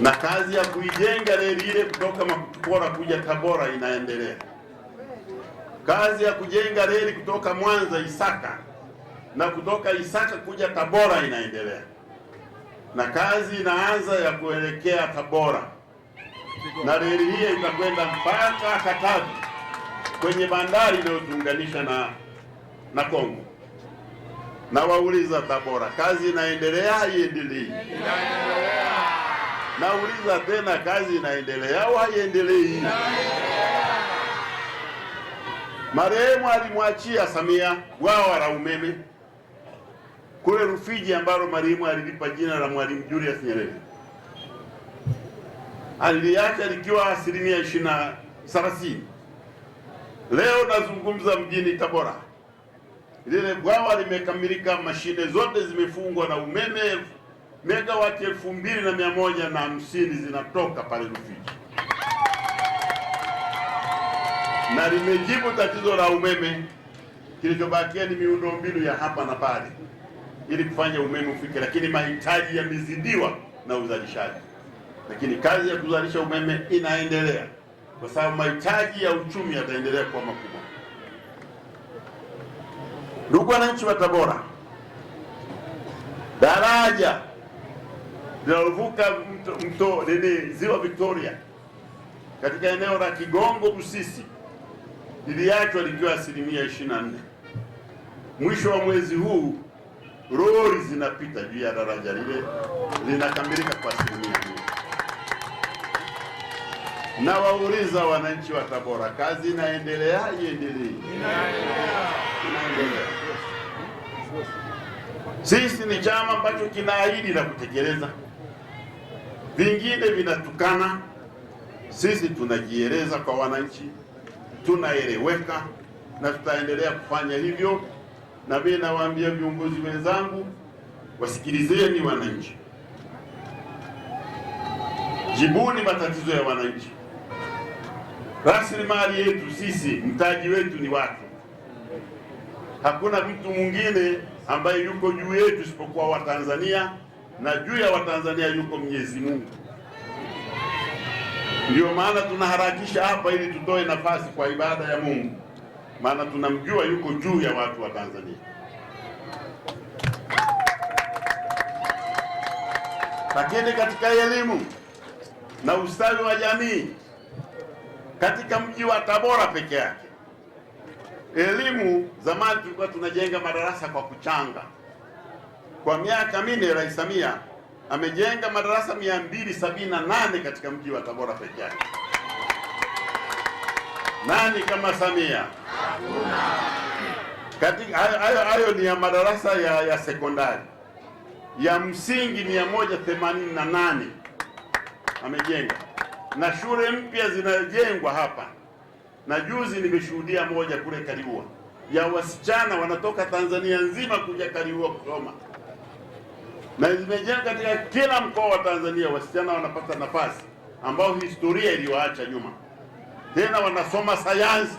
na kazi ya kuijenga reli ile kutoka Makutupora kuja Tabora inaendelea. Kazi ya kujenga reli kutoka Mwanza Isaka na kutoka Isaka kuja Tabora inaendelea, na kazi inaanza ya kuelekea Tabora, na reli hiyo itakwenda mpaka Katavi kwenye bandari inayotuunganisha na na Kongo. Nawauliza Tabora, kazi inaendelea haiendelei? Inaendelea. Nauliza tena, kazi inaendelea au haiendelei? Marehemu alimwachia Samia bwawa la umeme kule Rufiji ambalo marehemu alilipa jina la Mwalimu Julius Nyerere. aliacha likiwa asilimia ishirini na thelathini. Leo nazungumza mjini Tabora, lile bwawa limekamilika, mashine zote zimefungwa na umeme megawati elfu mbili na mia moja na hamsini zinatoka pale Rufiji na limejibu tatizo la umeme. Kilichobakia ni miundombinu ya hapa na pale ili kufanya umeme ufike, lakini mahitaji yamezidiwa na uzalishaji, lakini kazi ya kuzalisha umeme inaendelea kwa sababu mahitaji ya uchumi yataendelea kuwa makubwa. Ndugu wananchi wa Tabora, daraja linalovuka mto, mto nini ziwa Victoria katika eneo la Kigongo Busisi liliachwa likiwa asilimia 24. Mwisho wa mwezi huu lori zinapita juu ya daraja lile linakamilika kwa asilimia mia. Na wauliza wananchi wa Tabora, kazi inaendelea, iendelee, inaendelea. Sisi ni chama ambacho kinaahidi na kutekeleza vingine vinatukana. Sisi tunajieleza kwa wananchi, tunaeleweka na tutaendelea kufanya hivyo, na mimi nawaambia viongozi wenzangu, wasikilizeni wananchi, jibuni matatizo ya wananchi. Rasilimali yetu sisi, mtaji wetu ni watu. Hakuna mtu mwingine ambaye yuko juu yetu isipokuwa Watanzania na juu ya Watanzania yuko Mwenyezi Mungu. ndio maana tunaharakisha hapa ili tutoe nafasi kwa ibada ya Mungu, maana tunamjua yuko juu ya watu wa Tanzania. Lakini katika elimu na ustawi wa jamii katika mji wa Tabora peke yake, elimu, zamani tulikuwa tunajenga madarasa kwa kuchanga kwa miaka minne Rais Samia amejenga madarasa 278 katika mji wa Tabora peke yake. Nani kama Samia? Katika hayo ni ya madarasa ya, ya sekondari ya msingi 188 amejenga na shule mpya zinajengwa hapa, na juzi nimeshuhudia moja kule Kaliua ya wasichana wanatoka Tanzania nzima kuja Kaliua kusoma na zimejaa katika kila mkoa wa Tanzania. Wasichana wanapata nafasi ambao historia iliwaacha nyuma, tena wanasoma sayansi.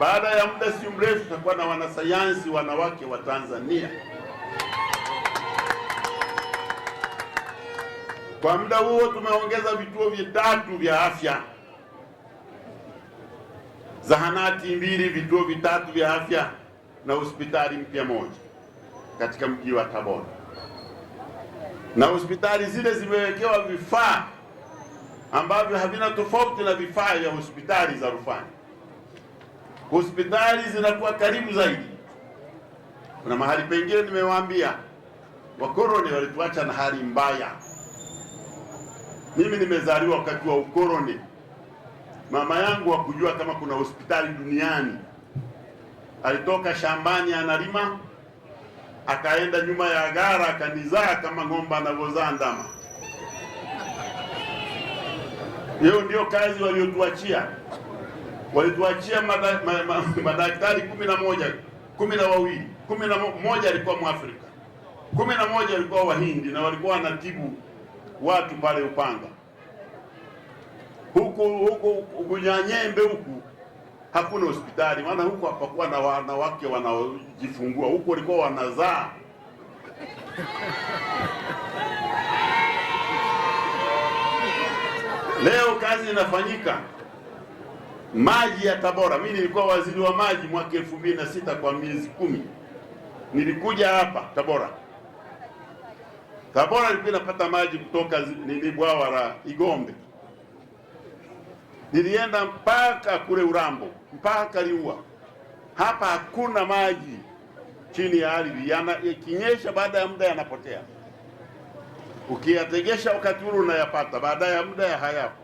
Baada ya muda si mrefu tutakuwa na wanasayansi wanawake wa Tanzania. Kwa muda huo tumeongeza vituo vitatu vya afya, zahanati mbili, vituo vitatu vya afya na hospitali mpya moja katika mji wa Tabora na hospitali zile zimewekewa vifaa ambavyo havina tofauti na vifaa vya hospitali za rufani. Hospitali zinakuwa karibu zaidi. Kuna mahali pengine nimewaambia wakoroni walituacha na hali mbaya. Mimi nimezaliwa wakati wa ukoroni, mama yangu hakujua kama kuna hospitali duniani. Alitoka shambani analima akaenda nyuma ya gara akanizaa kama ng'ombe anavyozaa ndama. Hiyo ndio kazi waliotuachia. Walituachia madaktari kumi na moja, kumi na wawili, kumi na moja alikuwa Mwafrika, kumi na moja alikuwa Wahindi na walikuwa wanatibu watu pale Upanga huku huku Ugunyanyembe huku hakuna hospitali, maana huko hapakuwa na wanawake wanaojifungua, huko walikuwa wanazaa. Leo kazi inafanyika maji ya Tabora. Mimi nilikuwa waziri wa maji mwaka elfu mbili na sita kwa miezi kumi, nilikuja hapa Tabora. Tabora ilikuwa inapata maji kutoka nini, bwawa la Igombe nilienda mpaka kule Urambo mpaka Liua. Hapa hakuna maji chini ya ardhi, yakinyesha baada ya muda yanapotea. Ukiyategesha wakati ule unayapata, baada ya muda ya hayapo.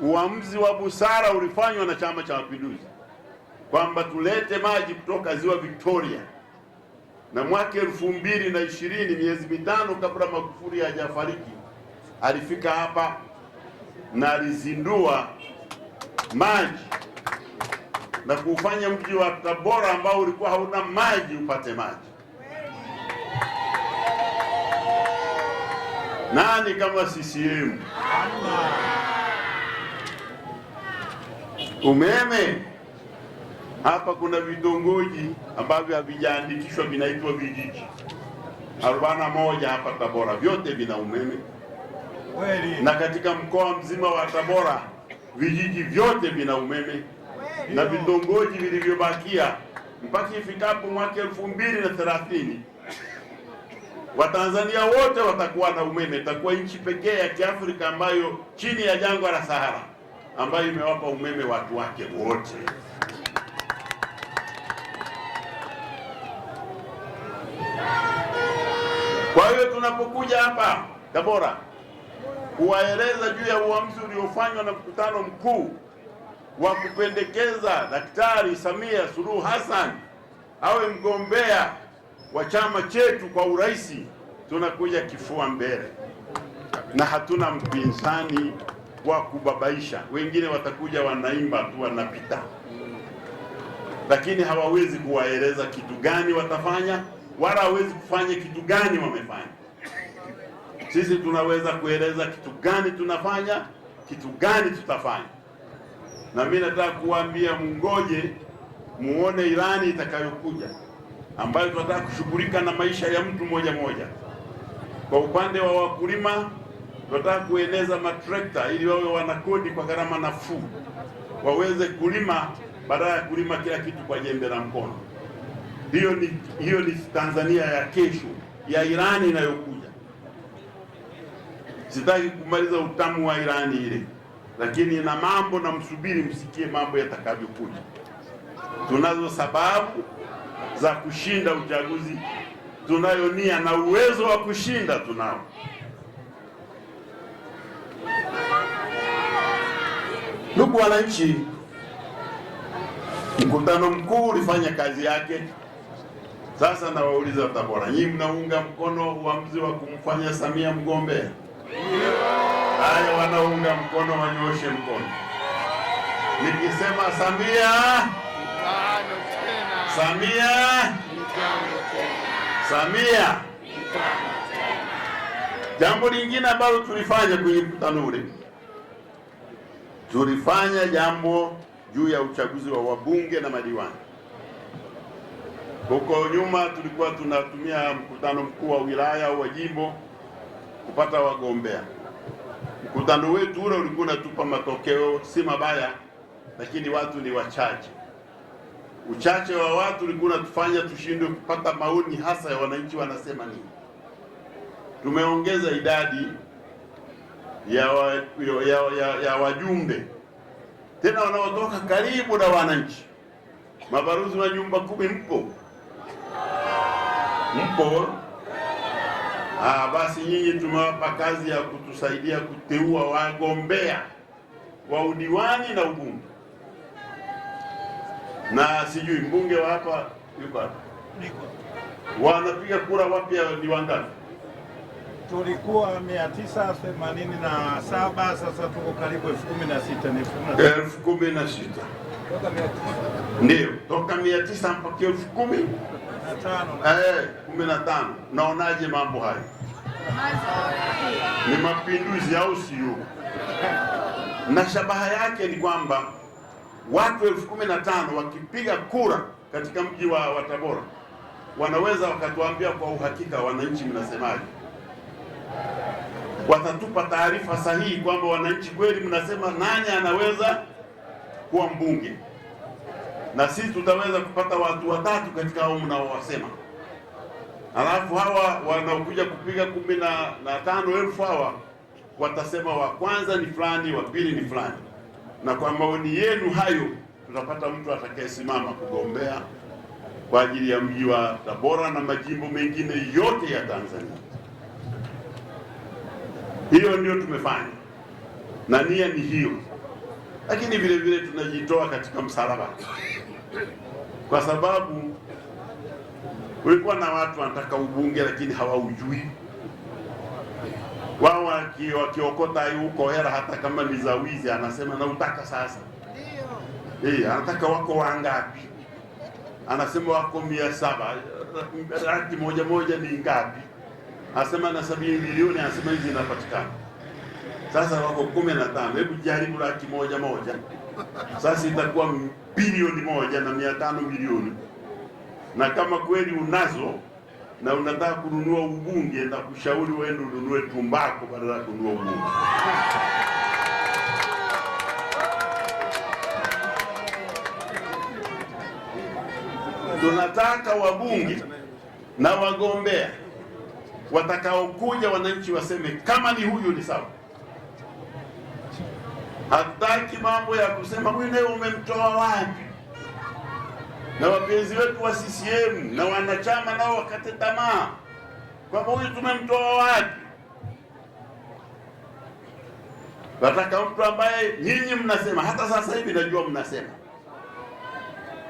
Uamuzi wa busara ulifanywa na Chama cha Mapinduzi kwamba tulete maji kutoka ziwa Victoria, na mwaka elfu mbili na ishirini miezi mitano kabla Magufuli hajafariki alifika hapa na alizindua maji na kuufanya mji wa Tabora ambao ulikuwa hauna maji upate maji. Nani kama CCM? Umeme hapa, kuna vitongoji ambavyo havijaandikishwa vinaitwa vijiji 41 hapa Tabora, vyote vina umeme na katika mkoa mzima wa Tabora vijiji vyote vina umeme na vitongoji vilivyobakia mpaka ifikapo mwaka elfu mbili na thelathini Watanzania wote watakuwa na umeme. Itakuwa nchi pekee ya Kiafrika ambayo chini ya jangwa la Sahara ambayo imewapa umeme watu wake wote. Kwa hiyo tunapokuja hapa Tabora kuwaeleza juu ya uamuzi uliofanywa na mkutano mkuu wa kupendekeza Daktari Samia Suluhu Hassan awe mgombea wa chama chetu kwa urais. Tunakuja kifua mbele na hatuna mpinzani wa kubabaisha. Wengine watakuja wanaimba tu, wanapita, lakini hawawezi kuwaeleza kitu gani watafanya, wala hawezi kufanya kitu gani wamefanya sisi tunaweza kueleza kitu gani tunafanya, kitu gani tutafanya. Na mimi nataka kuambia mungoje, muone ilani itakayokuja ambayo tunataka kushughulika na maisha ya mtu moja moja. Kwa upande wa wakulima, tunataka kueneza matrekta ili wawe wanakodi kwa gharama nafuu, waweze kulima badala ya kulima kila kitu kwa jembe la mkono. Hiyo ni, hiyo ni Tanzania ya kesho ya ilani inayokuja. Sitaki kumaliza utamu wa irani ile, lakini na mambo na msubiri, msikie mambo yatakavyokuja. Tunazo sababu za kushinda uchaguzi, tunayo nia na uwezo wa kushinda tunao. Ndugu wananchi, mkutano mkuu ulifanya kazi yake. Sasa nawauliza Tabora, nyinyi mnaunga mkono uamuzi wa kumfanya Samia mgombea? Haya, wanaunga mkono wanyoshe mkono. Nikisema Samia, Samia, Samia. Jambo lingine ambalo tulifanya kwenye mkutano ule, tulifanya jambo juu ya uchaguzi wa wabunge na madiwani. Huko nyuma tulikuwa tunatumia mkutano mkuu wa wilaya au wa jimbo kupata wagombea. Mkutano wetu ule ulikuwa unatupa matokeo si mabaya, lakini watu ni wachache. Uchache wa watu ulikuwa unatufanya tushindwe kupata maoni hasa ya wananchi wanasema nini. Tumeongeza idadi ya, wa, ya, ya, ya wajumbe tena wanaotoka karibu na wananchi. mabaruzi wa nyumba kumi mpo, mpo Ah, basi nyinyi tumewapa kazi ya kutusaidia kuteua wagombea wa udiwani na ubunge, na sijui mbunge wa hapa yuko hapa, wanapiga kura wapya ni wangapi? Tulikuwa 987 sasa tuko karibu na sita ndio toka 900 mpaka 10000. Eh, kumi na tano. Naonaje mambo hayo Ni mapinduzi au sio? Na shabaha yake ni kwamba watu elfu kumi na tano wakipiga kura katika mji wa, wa Tabora wanaweza wakatuambia kwa uhakika, wananchi mnasemaje? Watatupa taarifa sahihi kwamba wananchi kweli mnasema nani anaweza kuwa mbunge na sisi tutaweza kupata watu watatu katika hao mnaowasema, alafu hawa wanaokuja kupiga kumi na tano elfu hawa watasema wa kwanza ni fulani, wa pili ni fulani, na kwa maoni yenu hayo tutapata mtu atakayesimama kugombea kwa ajili ya mji wa Tabora na majimbo mengine yote ya Tanzania. Hiyo ndio tumefanya na nia ni hiyo, lakini vile vile tunajitoa katika msalaba kwa sababu kulikuwa na watu wanataka ubunge lakini hawaujui wao wakiokota huko hela hata kama ni za wizi, anasema nautaka sasa. Eh, anataka wako wangapi? Anasema wako mia saba. Laki moja moja ni ngapi? Anasema na sabini milioni, anasema hizi zinapatikana sasa. Wako kumi na tano. Hebu jaribu laki moja moja sasa itakuwa bilioni moja na mia tano milioni, na kama kweli unazo na unataka kununua ubunge, na kushauri uende ununue tumbako badala ya kununua ubunge. Tunataka wabunge na wagombea watakaokuja, wananchi waseme kama ni huyu ni sawa hataki mambo ya kusema mwine umemtoa wapi. Na wapenzi wetu wa CCM na wanachama nao wakate tamaa kwamba huyu tumemtoa wapi. Nataka mtu ambaye nyinyi mnasema, hata sasa hivi najua mnasema,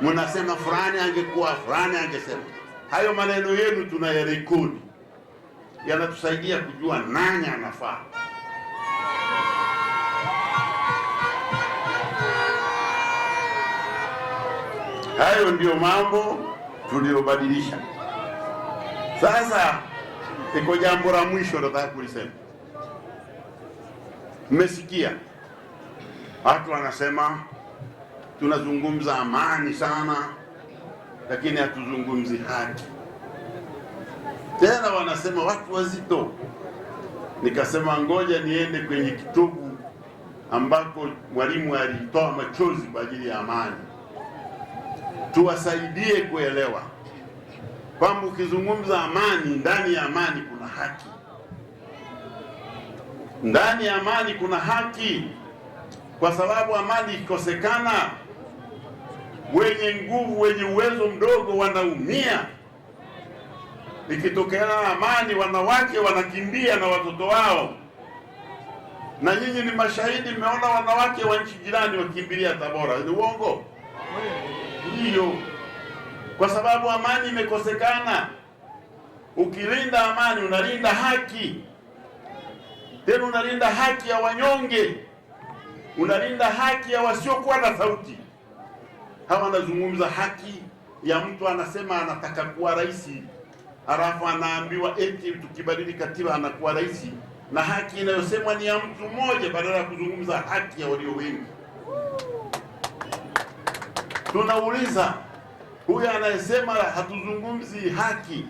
mnasema fulani angekuwa, fulani angesema. Hayo maneno yenu tunayarekodi, yanatusaidia kujua nani anafaa. Hayo ndiyo mambo tuliyobadilisha. Sasa iko jambo la mwisho nataka kulisema. Mmesikia watu wanasema tunazungumza amani sana, lakini hatuzungumzi haki. Tena wanasema watu wazito. Nikasema ngoja niende kwenye kitabu ambako Mwalimu alitoa machozi kwa ajili ya amani tuwasaidie kuelewa kwamba ukizungumza amani, ndani ya amani kuna haki, ndani ya amani kuna haki, kwa sababu amani ikikosekana, wenye nguvu, wenye uwezo mdogo wanaumia. Ikitokea amani, wanawake wanakimbia na watoto wao, na nyinyi ni mashahidi, mmeona wanawake wa nchi jirani wakimbilia Tabora. Ni uongo? hiyo, kwa sababu amani imekosekana. Ukilinda amani, unalinda haki, tena unalinda haki ya wanyonge, unalinda haki ya wasiokuwa na sauti. Hawa wanazungumza haki ya mtu, anasema anataka kuwa rais, alafu anaambiwa eti tukibadili katiba anakuwa rais, na haki inayosemwa ni ya mtu mmoja, badala ya kuzungumza haki ya walio wengi. Tunauliza, huyu anayesema hatuzungumzi haki,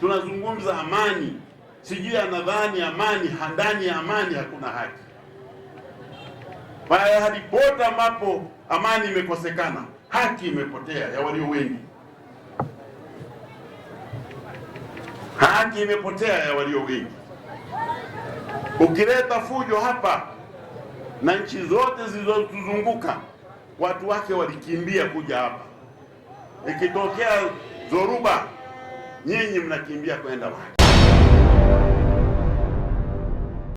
tunazungumza amani, sijui anadhani amani, ndani ya amani hakuna haki. Mahali pote ambapo amani imekosekana, haki imepotea ya walio wengi, haki imepotea ya walio wengi. Ukileta fujo hapa na nchi zote zilizotuzunguka watu wake walikimbia kuja hapa. Ikitokea dhoruba, nyinyi mnakimbia kwenda wapi?